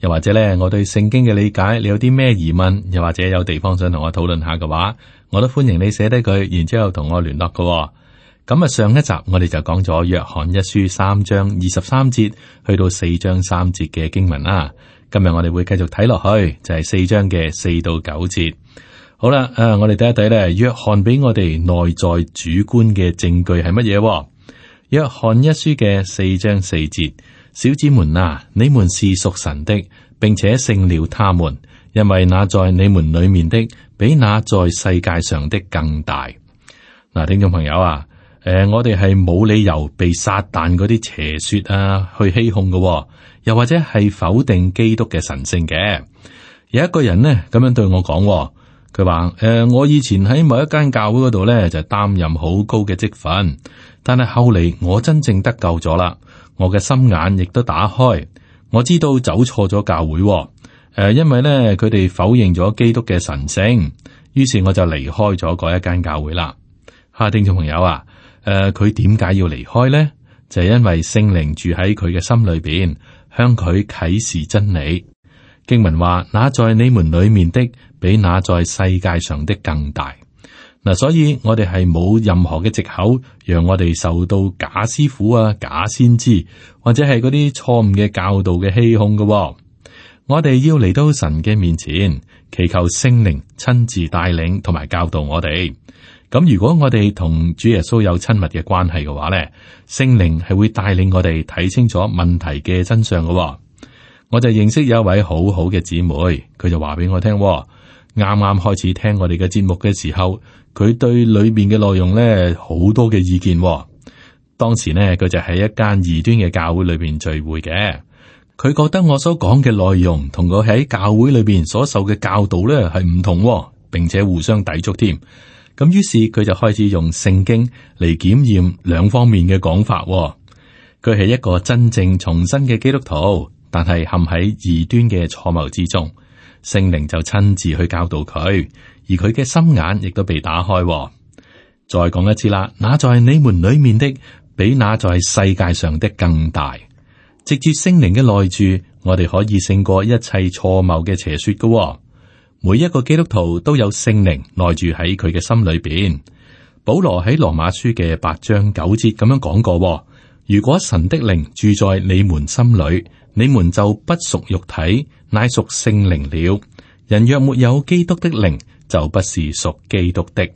又或者咧，我對聖經嘅理解，你有啲咩疑問，又或者有地方想同我討論下嘅話，我都歡迎你寫低佢，然之後同我聯絡嘅。咁啊，上一集我哋就講咗約翰一書三章二十三節去到四章三節嘅經文啦。今日我哋會繼續睇落去，就係四章嘅四到九節。好啦，啊，我哋睇一睇咧，約翰俾我哋內在主觀嘅證據係乜嘢？約翰一書嘅四章四節。小子們啊，你們是屬神的，並且勝了他們，因為那在你們裏面的，比那在世界上的更大。嗱、啊，聽眾朋友啊，誒、呃，我哋係冇理由被撒但嗰啲邪說啊去欺哄嘅，又或者係否定基督嘅神聖嘅。有一個人呢，咁樣對我講、哦，佢話：誒、呃，我以前喺某一間教會嗰度咧就擔、是、任好高嘅職份，但係後嚟我真正得救咗啦。我嘅心眼亦都打開，我知道走錯咗教會、哦。誒、呃，因為咧佢哋否認咗基督嘅神聖，於是我就離開咗嗰一間教會啦。哈、啊，聽眾朋友啊，誒、呃，佢點解要離開咧？就係、是、因為聖靈住喺佢嘅心裏邊，向佢啟示真理，經文話：那在你們裏面的比那在世界上的更大。嗱、啊，所以我哋係冇任何嘅借口，讓我哋受到假師傅啊、假先知或者係嗰啲錯誤嘅教導嘅欺哄嘅。我哋要嚟到神嘅面前，祈求聖靈親自帶領同埋教導我哋。咁如果我哋同主耶穌有親密嘅關係嘅話咧，聖靈係會帶領我哋睇清楚問題嘅真相嘅、哦。我就認識有一位好好嘅姊妹，佢就話俾我聽。啱啱開始聽我哋嘅節目嘅時候，佢對裏面嘅內容呢，好多嘅意見喎。當時呢，佢就喺一間異端嘅教會裏邊聚會嘅，佢覺得我所講嘅內容同佢喺教會裏邊所受嘅教導呢係唔同喎，並且互相抵觸添。咁於是佢就開始用聖經嚟檢驗兩方面嘅講法喎。佢係一個真正重生嘅基督徒，但係陷喺異端嘅錯謬之中。聖靈就親自去教導佢，而佢嘅心眼亦都被打開、哦。再講一次啦，那在你們裏面的，比那在世界上的更大。藉住聖靈嘅內住，我哋可以勝過一切錯謬嘅邪說嘅、哦。每一個基督徒都有聖靈內住喺佢嘅心裏邊。保羅喺羅馬書嘅八章九節咁樣講過、哦：如果神的靈住在你們心裏，你們就不屬肉體。乃屬聖靈了。人若沒有基督的靈，就不是屬基督的。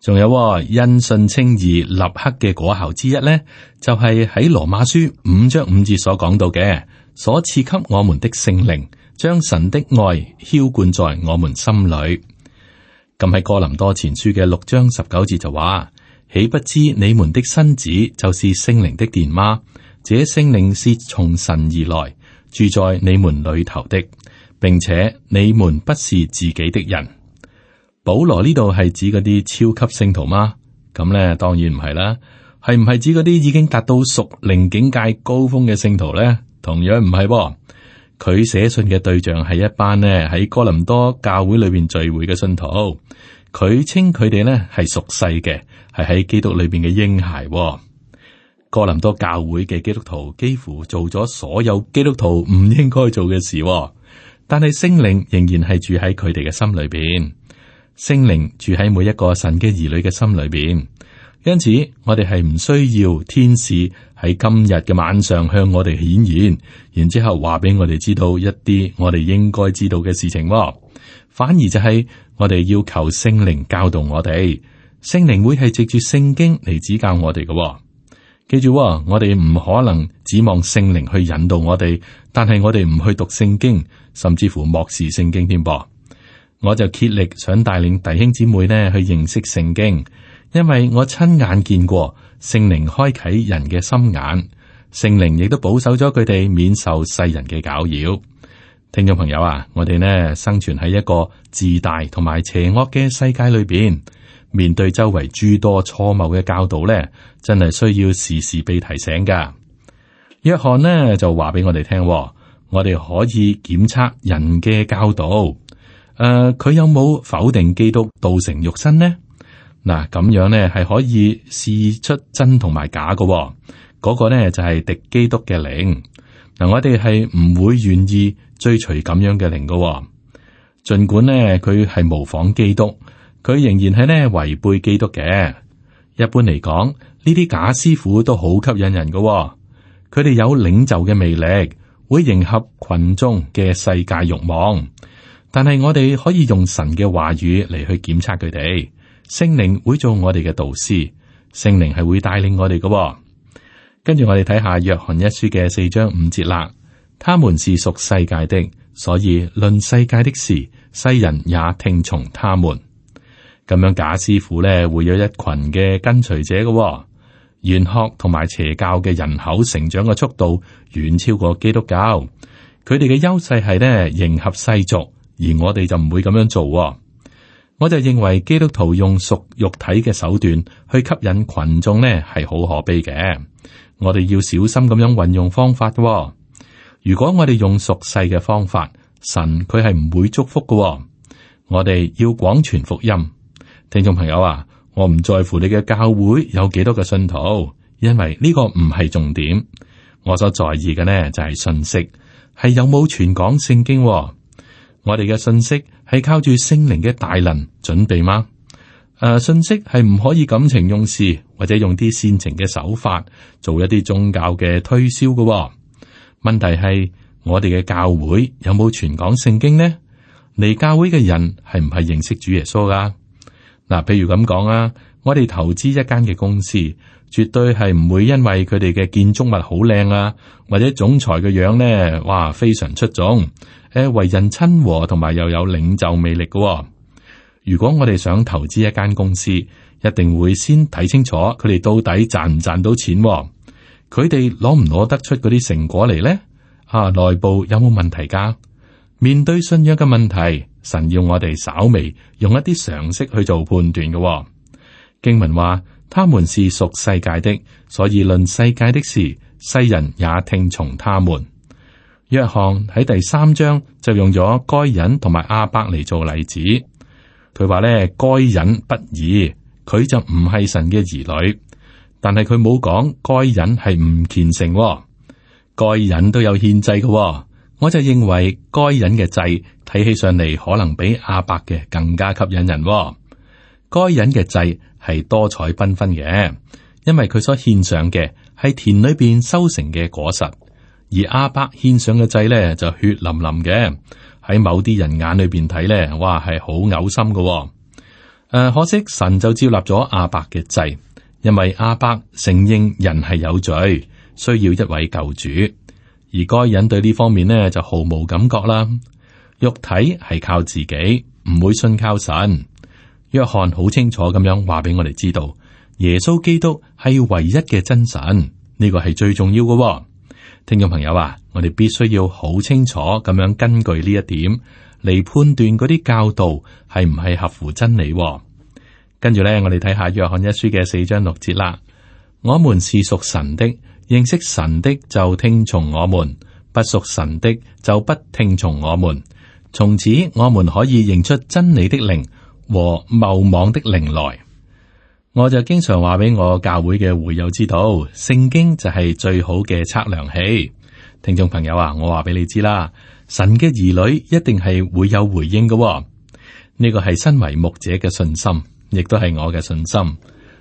仲有哦，因信稱義立刻嘅果效之一呢就係喺羅馬書五章五節所講到嘅，所賜給我們的聖靈，將神的愛澆灌在我們心裏。咁喺哥林多前書嘅六章十九節就話，豈不知你們的身子就是聖靈的殿嗎？這聖靈是從神而來。住在你們裏頭的，並且你們不是自己的人。保羅呢度係指嗰啲超級聖徒嗎？咁咧當然唔係啦，係唔係指嗰啲已經達到屬靈境界高峰嘅聖徒咧？同樣唔係噃。佢寫信嘅對象係一班咧喺哥林多教會裏邊聚會嘅信徒，佢稱佢哋咧係屬世嘅，係喺基督裏邊嘅嬰孩喎。哥林多教會嘅基督徒幾乎做咗所有基督徒唔應該做嘅事，哦，但係聖靈仍然係住喺佢哋嘅心裏邊。聖靈住喺每一個神嘅兒女嘅心裏邊，因此我哋係唔需要天使喺今日嘅晚上向我哋顯現，然之後話俾我哋知道一啲我哋應該知道嘅事情，哦。反而就係我哋要求聖靈教導我哋，聖靈會係借住聖經嚟指教我哋嘅，哦。記住啊，我哋唔可能指望聖靈去引導我哋，但係我哋唔去讀聖經，甚至乎漠視聖經添噃。我就竭力想帶領弟兄姊妹呢去認識聖經，因為我親眼見過聖靈開啟人嘅心眼，聖靈亦都保守咗佢哋免受世人嘅攪擾。聽眾朋友啊，我哋呢生存喺一個自大同埋邪惡嘅世界裏邊。面對周圍諸多錯謬嘅教導咧，真係需要時時被提醒噶。約翰呢就話俾我哋聽，我哋可以檢測人嘅教導，誒，佢有冇否定基督道成肉身呢？嗱，咁樣咧係可以試出真同埋假噶。嗰個咧就係敵基督嘅靈，嗱，我哋係唔會願意追隨咁樣嘅靈噶。盡管呢，佢係模仿基督。佢仍然係呢違背基督嘅。一般嚟講，呢啲假師傅都好吸引人嘅、哦，佢哋有領袖嘅魅力，會迎合群眾嘅世界欲望。但係我哋可以用神嘅話語嚟去檢測佢哋。聖靈會做我哋嘅導師，聖靈係會帶領我哋嘅、哦，跟住我哋睇下《約翰一書》嘅四章五節啦。他們是屬世界的，所以論世界的事，世人也聽從他們。咁樣，假師傅咧會有一群嘅跟隨者噶、哦。玄學同埋邪教嘅人口成長嘅速度遠超過基督教。佢哋嘅優勢係咧迎合世俗，而我哋就唔會咁樣做、哦。我就認為基督徒用屬肉體嘅手段去吸引群眾咧，係好可悲嘅。我哋要小心咁樣運用方法、哦。如果我哋用屬世嘅方法，神佢係唔會祝福噶、哦。我哋要廣傳福音。聽眾朋友啊，我唔在乎你嘅教會有幾多個信徒，因為呢個唔係重點。我所在意嘅咧就係信息係有冇全講聖經、哦。我哋嘅信息係靠住聖靈嘅大能準備嗎？誒、啊，信息係唔可以感情用事，或者用啲煽情嘅手法做一啲宗教嘅推銷嘅、哦。問題係我哋嘅教會有冇全講聖經咧？嚟教會嘅人係唔係認識主耶穌噶？嗱，譬如咁講啊，我哋投資一間嘅公司，絕對係唔會因為佢哋嘅建築物好靚啊，或者總裁嘅樣咧，哇，非常出眾，誒，為人親和，同埋又有領袖魅力嘅。如果我哋想投資一間公司，一定會先睇清楚佢哋到底賺唔賺到錢，佢哋攞唔攞得出嗰啲成果嚟咧？啊，內部有冇問題噶？面對信仰嘅問題。神要我哋稍微用一啲常識去做判斷嘅、哦、經文話，他們是屬世界的，所以論世界的事，世人也聽從他們。約翰喺第三章就用咗該隱同埋亞伯嚟做例子，佢話咧，該隱不義，佢就唔係神嘅兒女，但係佢冇講該隱係唔虔誠、哦，該隱都有獻祭嘅。我就認為該隱嘅祭睇起上嚟可能比阿伯嘅更加吸引人，哦。該隱嘅祭係多彩繽紛嘅，因為佢所獻上嘅係田裏邊收成嘅果實，而阿伯獻上嘅祭咧就血淋淋嘅。喺某啲人眼裏邊睇咧，哇係好嘔心噶，哦。誒、啊，可惜神就召立咗阿伯嘅祭，因為阿伯承認人係有罪，需要一位救主。而該人對呢方面呢，就毫無感覺啦。肉體係靠自己，唔會信靠神。約翰好清楚咁樣話俾我哋知道，耶穌基督係唯一嘅真神，呢個係最重要㗎喎。聽眾朋友啊，我哋必須要好清楚咁樣根據呢一點嚟判斷嗰啲教導係唔係合乎真理喎。跟住咧，我哋睇下約翰一書嘅四章六節啦。我們是屬神的。認識神的就聽從我們，不屬神的就不聽從我們。從此我們可以認出真理的靈和謬妄的靈來。我就經常話俾我教會嘅會友知道，聖經就係最好嘅測量器。聽眾朋友啊，我話俾你知啦，神嘅兒女一定係會有回應嘅哦。呢個係身為牧者嘅信心，亦都係我嘅信心。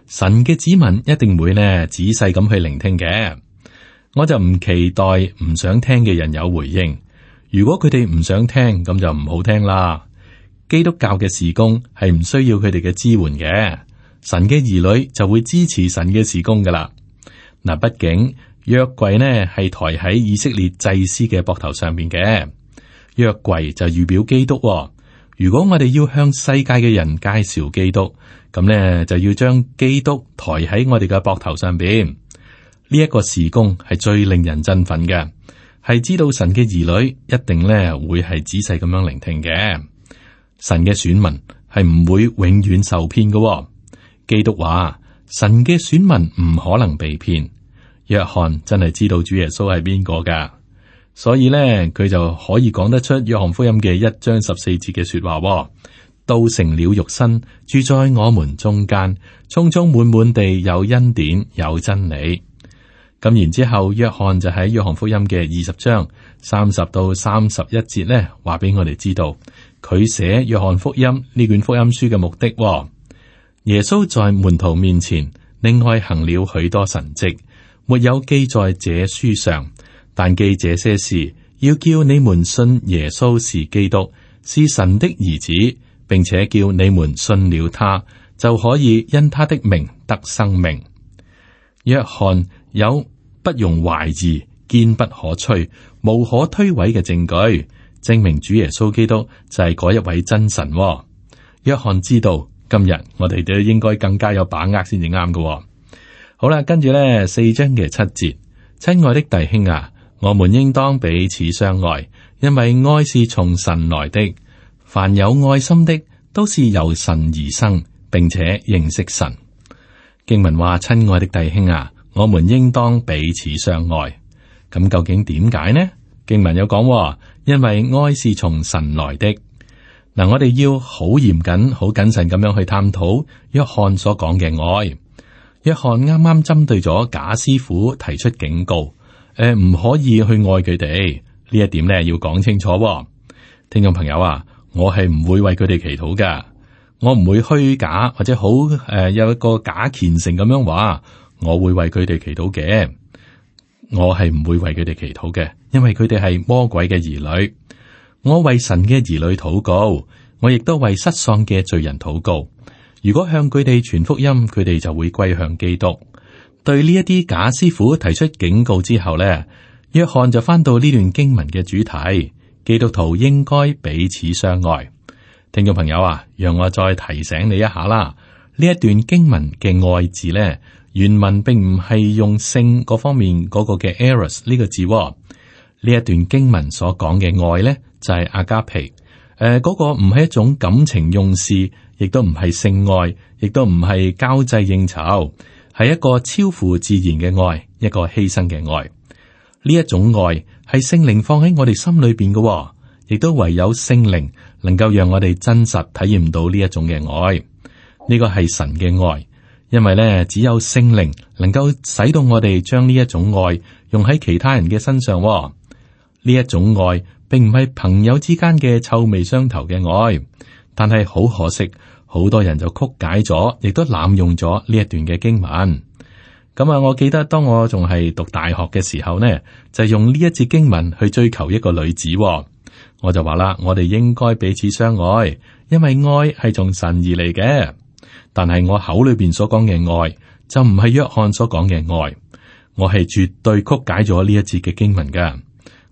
神嘅子民一定會呢仔細咁去聆聽嘅，我就唔期待唔想聽嘅人有回應。如果佢哋唔想聽，咁就唔好聽啦。基督教嘅事工係唔需要佢哋嘅支援嘅，神嘅兒女就會支持神嘅事工噶啦。嗱，畢竟約櫃呢係抬喺以色列祭司嘅膊頭上邊嘅，約櫃就預表基督、哦。如果我哋要向世界嘅人介紹基督，咁呢，就要將基督抬喺我哋嘅膊頭上邊。呢、這、一個事工係最令人振奮嘅，係知道神嘅兒女一定呢會係仔細咁樣聆聽嘅。神嘅選民係唔會永遠受騙嘅、哦。基督話：神嘅選民唔可能被騙。約翰真係知道主耶穌係邊個噶。所以呢，佢就可以講得出約翰福音嘅一章十四節嘅說話，道成了肉身，住在我們中間，充充滿滿地有恩典，有真理。咁然之後，約翰就喺約翰福音嘅二十章三十到三十一節呢話俾我哋知道佢寫約翰福音呢卷福音書嘅目的。耶穌在門徒面前另外行了許多神跡，沒有記在這書上。但記這些事，要叫你們信耶穌是基督，是神的兒子，並且叫你們信了他，就可以因他的名得生命。約翰有不容懷疑、堅不可摧、無可推諉嘅證據，證明主耶穌基督就係嗰一位真神喎。約翰知道，今日我哋都應該更加有把握先至啱㗎。好啦，跟住咧四章嘅七節，親愛的弟兄啊！我們應當彼此相愛，因為愛是從神來的。凡有愛心的，都是由神而生，並且認識神。經文話：親愛的弟兄啊，我們應當彼此相愛。咁究竟點解呢？經文有講話，因為愛是從神來的。嗱，我哋要好嚴謹、好謹慎咁樣去探討約翰所講嘅愛。約翰啱啱針對咗假師傅提出警告。誒，唔、呃、可以去愛佢哋呢一點咧，要講清楚、哦。聽眾朋友啊，我係唔會為佢哋祈禱嘅，我唔會虛假或者好誒、呃、有一個假虔誠咁樣話，我會為佢哋祈禱嘅。我係唔會為佢哋祈禱嘅，因為佢哋係魔鬼嘅兒女。我為神嘅兒女禱告，我亦都為失喪嘅罪人禱告。如果向佢哋傳福音，佢哋就會歸向基督。對呢一啲假師傅提出警告之後呢，約翰就翻到呢段經文嘅主題：基督徒應該彼此相愛。聽眾朋友啊，讓我再提醒你一下啦。呢一段經文嘅愛字呢，原文並唔係用性嗰方面嗰個嘅 eros r r 呢個字、哦。呢一段經文所講嘅愛呢，就係、是、阿加皮。誒、呃，嗰、那個唔係一種感情用事，亦都唔係性愛，亦都唔係交際應酬。係一個超乎自然嘅愛，一個犧牲嘅愛。呢一種愛係聖靈放喺我哋心裏邊嘅，哦，亦都唯有聖靈能夠讓我哋真實體驗到呢一種嘅愛。呢個係神嘅愛，因為呢，只有聖靈能夠使到我哋將呢一種愛用喺其他人嘅身上，哦。呢一種愛並唔係朋友之間嘅臭味相投嘅愛，但係好可惜。好多人就曲解咗，亦都濫用咗呢一段嘅經文。咁啊，我記得當我仲係讀大學嘅時候呢，就用呢一節經文去追求一個女子喎。我就話啦，我哋應該彼此相愛，因為愛係從神而嚟嘅。但係我口裏邊所講嘅愛，就唔係約翰所講嘅愛。我係絕對曲解咗呢一節嘅經文噶。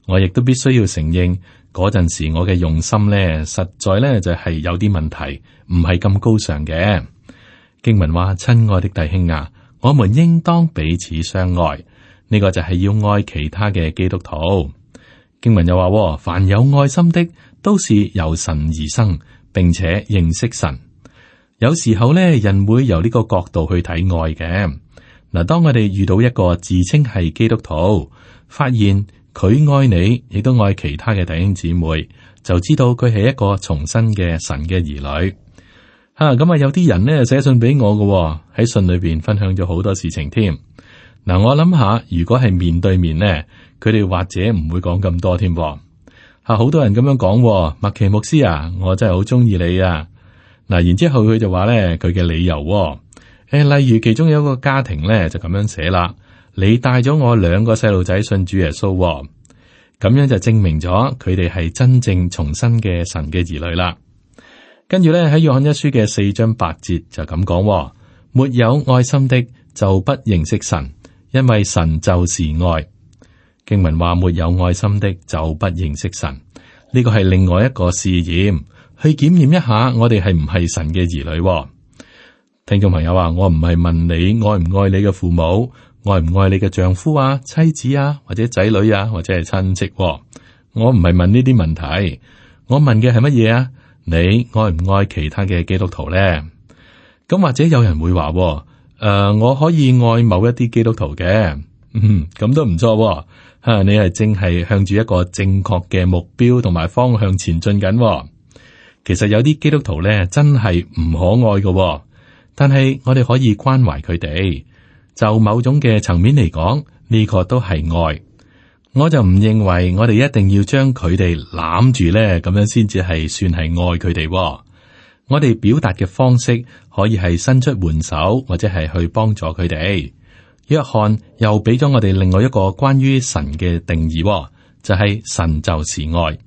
我亦都必須要承認。嗰陣時，我嘅用心呢，實在呢，就係有啲問題，唔係咁高尚嘅。經文話：親愛的弟兄啊，我們應當彼此相愛，呢個就係要愛其他嘅基督徒。經文又話：凡有愛心的，都是由神而生，並且認識神。有時候呢，人會由呢個角度去睇愛嘅。嗱，當我哋遇到一個自稱係基督徒，發現。佢愛你，亦都愛其他嘅弟兄姊妹，就知道佢係一個重生嘅神嘅兒女。吓咁啊，有啲人呢，寫信俾我嘅喎、哦，喺信裏邊分享咗好多事情添。嗱、啊，我諗下，如果係面對面呢，佢哋或者唔會講咁多添喎。吓、啊，好多人咁樣講、啊，麥奇牧師啊，我真係好中意你啊。嗱、啊，然之後佢就話呢，佢嘅理由、哦，誒、啊，例如其中有一個家庭呢，就咁樣寫啦。你帶咗我兩個細路仔信主耶穌、哦，咁樣就證明咗佢哋係真正重生嘅神嘅兒女啦。跟住咧，喺約翰一書嘅四章八節就咁講、哦：沒有愛心的就不認識神，因為神就是愛。經文話沒有愛心的就不認識神，呢個係另外一個試驗，去檢驗一下我哋係唔係神嘅兒女、哦。聽眾朋友話，我唔係問你愛唔愛你嘅父母。愛唔愛你嘅丈夫啊、妻子啊，或者仔女啊，或者係親戚啊？我唔係問呢啲問題，我問嘅係乜嘢啊？你愛唔愛其他嘅基督徒呢？咁或者有人會話啊：誒、呃，我可以愛某一啲基督徒嘅，嗯，咁都唔錯吓。你係正係向住一個正確嘅目標同埋方向前進緊啊。其實有啲基督徒咧真係唔可愛嘅啊，但係我哋可以關懷佢哋。就某種嘅層面嚟講，呢個都係愛。我就唔認為我哋一定要將佢哋攬住咧，咁樣先至係算係愛佢哋喎。我哋表達嘅方式可以係伸出援手，或者係去幫助佢哋。約翰又俾咗我哋另外一個關於神嘅定義喎，就係神就是愛。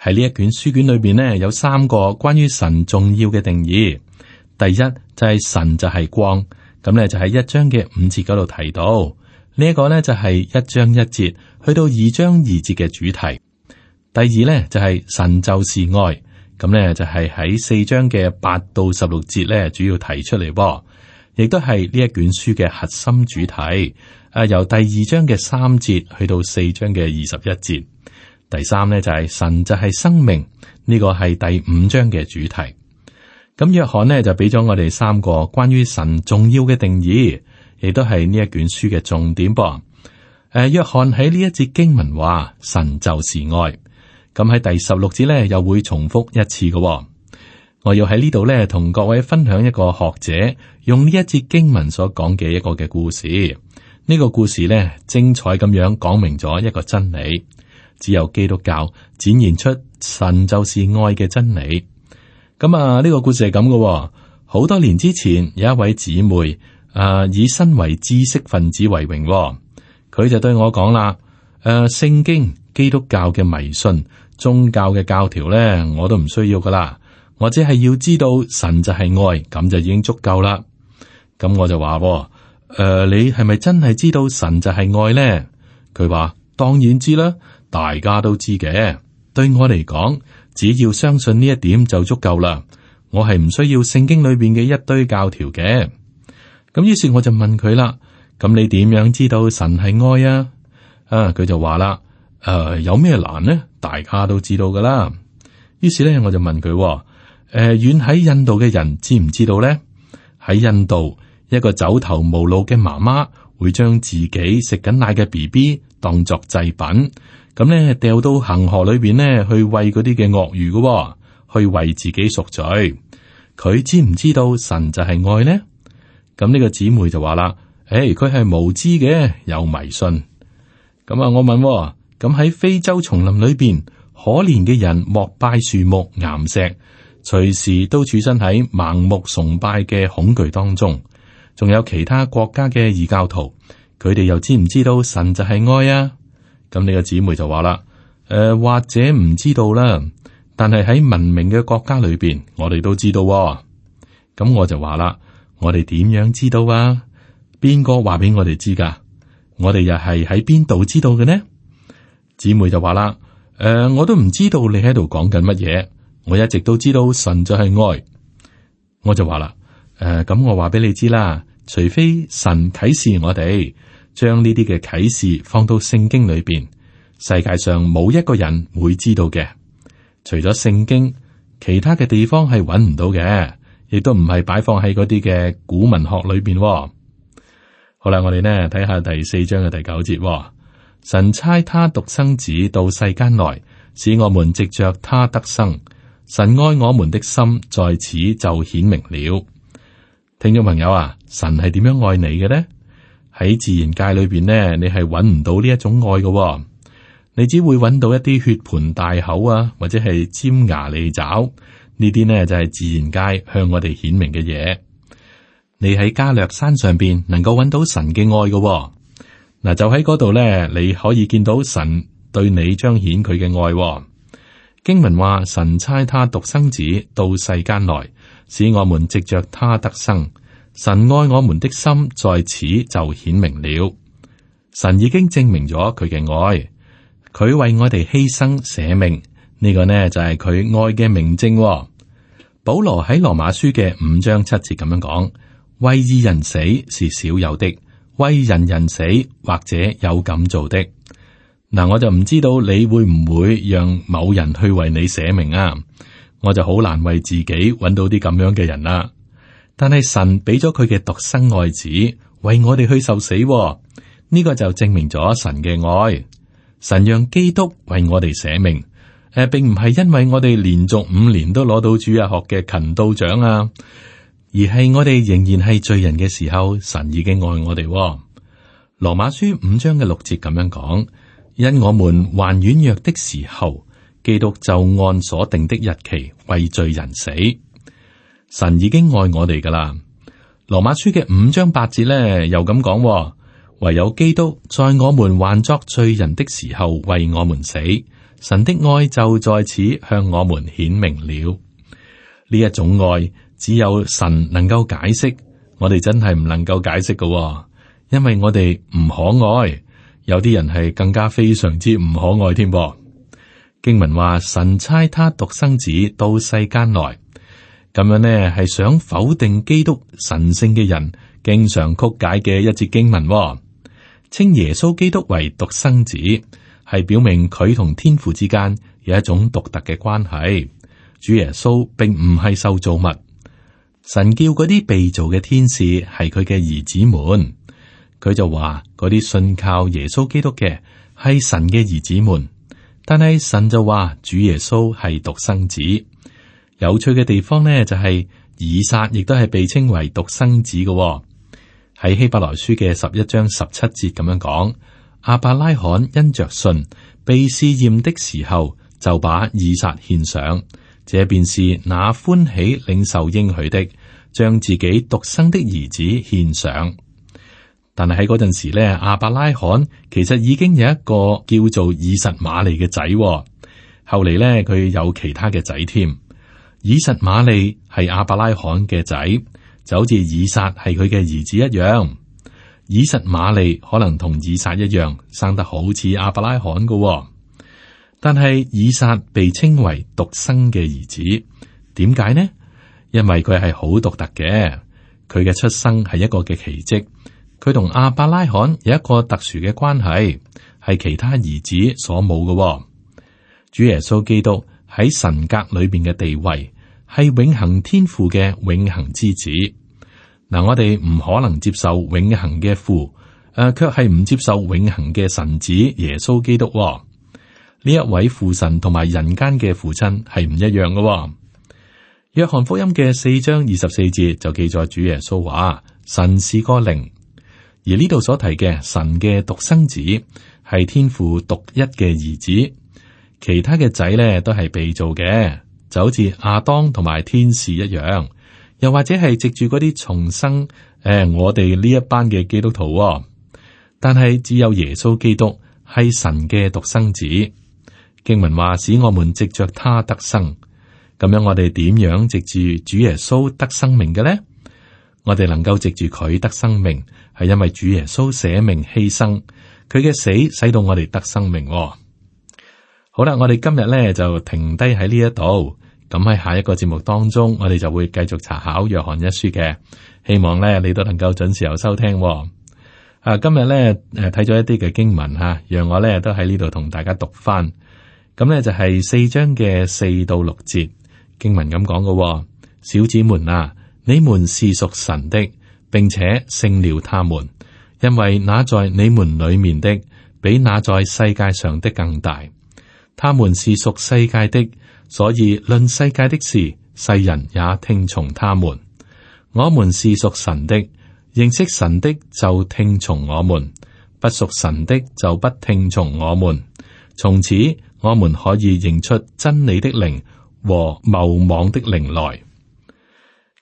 喺呢一卷書卷裏邊呢，有三個關於神重要嘅定義。第一就係神就係光。咁咧就喺一章嘅五節嗰度提到呢一、呢個咧就係一章一節去到二章二節嘅主題。第二咧就係神就是愛，咁咧就係喺四章嘅八到十六節咧主要提出嚟，亦都係呢一卷書嘅核心主題。誒，由第二章嘅三節去到四章嘅二十一節。第三咧就係神就係生命，呢、呢個係第五章嘅主題。咁約翰呢就俾咗我哋三個關於神重要嘅定義，亦都係呢一卷書嘅重點。噃。誒，約翰喺呢一節經文話神就是愛，咁喺第十六節呢，又會重複一次嘅、哦。我要喺呢度呢，同各位分享一個學者用呢一節經文所講嘅一個嘅故事，呢、呢個故事呢，精彩咁樣講明咗一個真理，只有基督教展現出神就是愛嘅真理。咁啊，呢個故事係咁嘅，好多年之前有一位姊妹，啊，以身為知識分子為榮，佢就對我講啦，誒、啊，聖經、基督教嘅迷信、宗教嘅教條咧，我都唔需要噶啦，我只係要知道神就係愛，咁就已經足夠啦。咁、嗯、我就話，誒、啊，你係咪真係知道神就係愛咧？佢話當然知啦，大家都知嘅，對我嚟講。只要相信呢一點就足夠啦，我係唔需要聖經裏邊嘅一堆教條嘅。咁於是我就問佢啦，咁你點樣知道神係愛啊？啊，佢就話啦，誒、呃，有咩難呢？大家都知道噶啦。於是咧，我就問佢，誒、呃，遠喺印度嘅人知唔知道呢？喺印度，一個走投無路嘅媽媽會將自己食緊奶嘅 BB 當作祭品。咁呢掉到恒河裏邊呢、哦，去餵嗰啲嘅鱷魚噶，去為自己贖罪。佢知唔知道神就係愛呢？咁、這、呢個姊妹就話啦，誒、哎，佢係無知嘅，有迷信。咁啊，我問咁、哦、喺非洲叢林裏邊，可憐嘅人膜拜樹木岩石，隨時都處身喺盲目崇拜嘅恐懼當中。仲有其他國家嘅異教徒，佢哋又知唔知道神就係愛啊？咁你個姊妹就話啦，誒、呃，或者唔知道啦，但係喺文明嘅國家裏邊，我哋都知道，哦。咁我就話啦，我哋點樣知道啊？邊個話俾我哋知㗎？我哋又係喺邊度知道嘅呢？姊妹就話啦，誒、呃，我都唔知道你喺度講緊乜嘢。我一直都知道神就係愛。我就話啦，誒、呃，咁我話俾你知啦，除非神啟示我哋。將呢啲嘅啟示放到聖經裏邊，世界上冇一個人會知道嘅，除咗聖經，其他嘅地方係揾唔到嘅，亦都唔係擺放喺嗰啲嘅古文學裏邊，哦。好啦，我哋呢睇下第四章嘅第九節話，哦，神差他獨生子到世間來，使我們藉着他得生。神愛我們的心在此就顯明了。聽眾朋友啊，神係點樣愛你嘅呢？喺自然界裏邊呢，你係揾唔到呢一種愛嘅、哦，你只會揾到一啲血盆大口啊，或者係尖牙利爪，呢啲呢，就係自然界向我哋顯明嘅嘢。你喺加略山上邊能夠揾到神嘅愛嘅、哦，嗱就喺嗰度呢，你可以見到神對你彰顯佢嘅愛、哦。經文話：神差他獨生子到世間來，使我們藉着他得生。神愛我們的心在此就顯明了，神已經證明咗佢嘅愛，佢為我哋犧牲捨命，呢、這個呢就係、是、佢愛嘅明證、哦。保羅喺羅馬書嘅五章七節咁樣講：為義人死是少有的，為仁人死或者有敢做的。嗱，我就唔知道你會唔會讓某人去為你捨命啊？我就好難為自己揾到啲咁樣嘅人啦、啊。但係神俾咗佢嘅獨生愛子為我哋去受死、哦，呢、這個就證明咗神嘅愛。神讓基督為我哋捨命，誒、呃，並唔係因為我哋連續五年都攞到主日學嘅勤道獎啊，而係我哋仍然係罪人嘅時候，神已經愛我哋、哦。羅馬書五章嘅六節咁樣講：因我們還軟弱的時候，基督就按所定的日期為罪人死。神已經愛我哋噶啦，《羅馬書》嘅五章八節咧，又咁講、哦：唯有基督在我們還作罪人的時候為我們死，神的愛就在此向我們顯明了。呢一種愛只有神能夠解釋，我哋真係唔能夠解釋噶、哦，因為我哋唔可愛，有啲人係更加非常之唔可愛添、哦。經文話：神差他獨生子到世間來。咁樣呢，係想否定基督神性嘅人，經常曲解嘅一節經文喎，稱耶穌基督為獨生子，係表明佢同天父之間有一種獨特嘅關係。主耶穌並唔係受造物，神叫嗰啲被造嘅天使係佢嘅兒子們，佢就話嗰啲信靠耶穌基督嘅係神嘅兒子們，但係神就話主耶穌係獨生子。有趣嘅地方呢，就係、是、以撒亦都係被稱為獨生子嘅喎、哦。喺希伯來書嘅十一章十七節咁樣講，阿伯拉罕因着信被試驗的時候，就把以撒獻上，這便是那歡喜領受應許的，將自己獨生的兒子獻上。但係喺嗰陣時呢，阿伯拉罕其實已經有一個叫做以實瑪利嘅仔，後嚟呢，佢有其他嘅仔添。以實瑪利係亞伯拉罕嘅仔，就好似以撒係佢嘅兒子一樣。以實瑪利可能同以撒一樣，生得好似亞伯拉罕㗎喎，但係以撒被稱為獨生嘅兒子，點解呢？因為佢係好獨特嘅，佢嘅出生係一個嘅奇蹟，佢同亞伯拉罕有一個特殊嘅關係，係其他兒子所冇㗎喎。主耶穌基督。喺神格裏邊嘅地位係永恒天父嘅永恒之子。嗱、嗯，我哋唔可能接受永恒嘅父，誒、呃，卻係唔接受永恒嘅神子耶穌基督、哦。呢一位父神同埋人間嘅父親係唔一樣嘅、哦。約翰福音嘅四章二十四節就記載主耶穌話：神是個靈。而呢度所提嘅神嘅獨生子係天父獨一嘅兒子。其他嘅仔咧都係被造嘅，就好似亞當同埋天使一樣，又或者係藉住嗰啲重生。誒、哎，我哋呢一班嘅基督徒、哦，但係只有耶穌基督係神嘅獨生子。經文話，使我們藉着他得生咁樣我哋點樣藉住主耶穌得生命嘅咧？我哋能夠藉住佢得生命，係因為主耶穌捨命犧牲，佢嘅死使到我哋得生命、哦。好啦，我哋今日咧就停低喺呢一度。咁喺下一個節目當中，我哋就會繼續查考約翰一書嘅。希望咧你都能夠準時有收聽哦。啊，今日咧誒睇咗一啲嘅經文吓，啊，讓我咧都喺呢度同大家讀翻。咁咧就係四章嘅四到六節經文咁講嘅。小子們啊，你們是屬神的，並且勝了他們，因為那在你們裏面的比那在世界上的更大。他們是屬世界的，所以論世界的事，世人也聽從他們。我們是屬神的，認識神的就聽從我們，不屬神的就不聽從我們。從此，我們可以認出真理的靈和謬妄的靈來。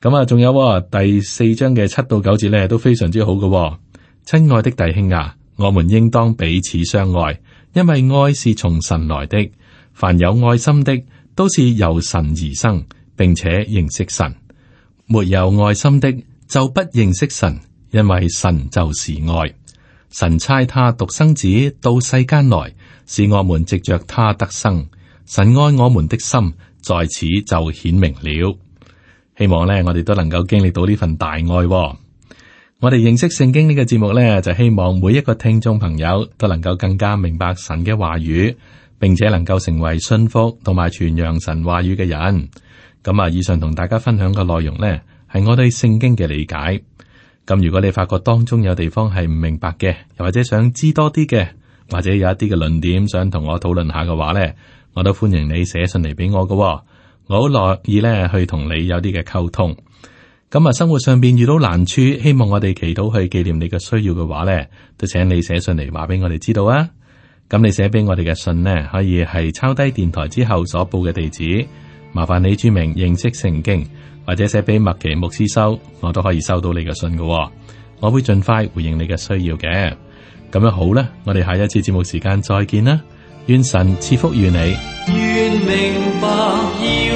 咁啊，仲有、哦、第四章嘅七到九節咧，都非常之好嘅、哦。親愛的弟兄啊，我們應當彼此相愛。因為愛是從神來的，凡有愛心的都是由神而生，並且認識神；沒有愛心的就不認識神，因為神就是愛。神差他獨生子到世間來，使我們藉着他得生。神愛我們的心在此就顯明了。希望咧，我哋都能夠經歷到呢份大愛。我哋認識聖經呢個節目呢，就希望每一個聽眾朋友都能夠更加明白神嘅話語，並且能夠成為信福同埋傳揚神話語嘅人。咁啊，以上同大家分享嘅內容呢，係我對聖經嘅理解。咁如果你發覺當中有地方係唔明白嘅，又或者想知多啲嘅，或者有一啲嘅論點想同我討論下嘅話呢，我都歡迎你寫信嚟俾我㗎喎，我好樂意呢，去同你有啲嘅溝通。咁啊，生活上邊遇到難處，希望我哋祈禱去紀念你嘅需要嘅話呢，都請你寫信嚟，話俾我哋知道啊。咁你寫俾我哋嘅信呢，可以係抄低電台之後所報嘅地址，麻煩你註明認識聖經，或者寫俾麥奇牧師收，我都可以收到你嘅信嘅。我會盡快回應你嘅需要嘅。咁樣好啦，我哋下一次節目時間再見啦。願神賜福於你。願明白。願